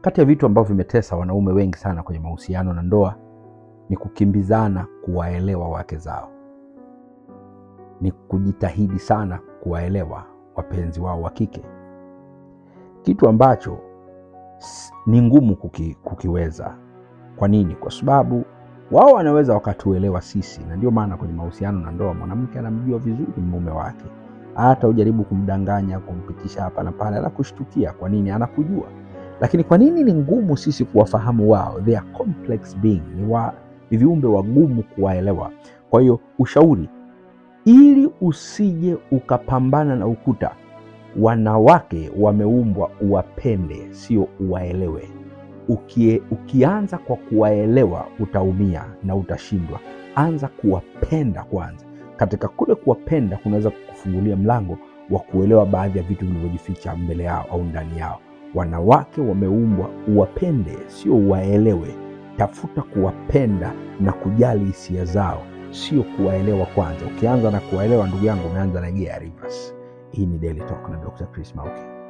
Kati ya vitu ambavyo vimetesa wanaume wengi sana kwenye mahusiano na ndoa ni kukimbizana kuwaelewa wake zao, ni kujitahidi sana kuwaelewa wapenzi wao wa kike, kitu ambacho ni ngumu kuki, kukiweza. Kwa nini? Kwa sababu wao wanaweza wakatuelewa sisi, na ndio maana kwenye mahusiano na ndoa mwanamke anamjua vizuri mume wake, hata ujaribu kumdanganya, kumpitisha hapa na pale, anakushtukia. Kwa nini? Anakujua. Lakini kwa nini ni ngumu sisi kuwafahamu wao? They are complex being, ni wa, ni viumbe wagumu kuwaelewa. Kwa hiyo ushauri, ili usije ukapambana na ukuta, wanawake wameumbwa uwapende, sio uwaelewe. Ukie, ukianza kwa kuwaelewa utaumia na utashindwa. Anza kuwapenda kwanza. Katika kule kuwapenda kunaweza kufungulia mlango wa kuelewa baadhi ya vitu vilivyojificha mbele yao au ndani yao. Wanawake wameumbwa uwapende, sio uwaelewe. Tafuta kuwapenda na kujali hisia zao, sio kuwaelewa kwanza. Ukianza na kuwaelewa, ndugu yangu, umeanza na gia ya reverse. Hii ni Daily Talk na Dr. Chris Mauki.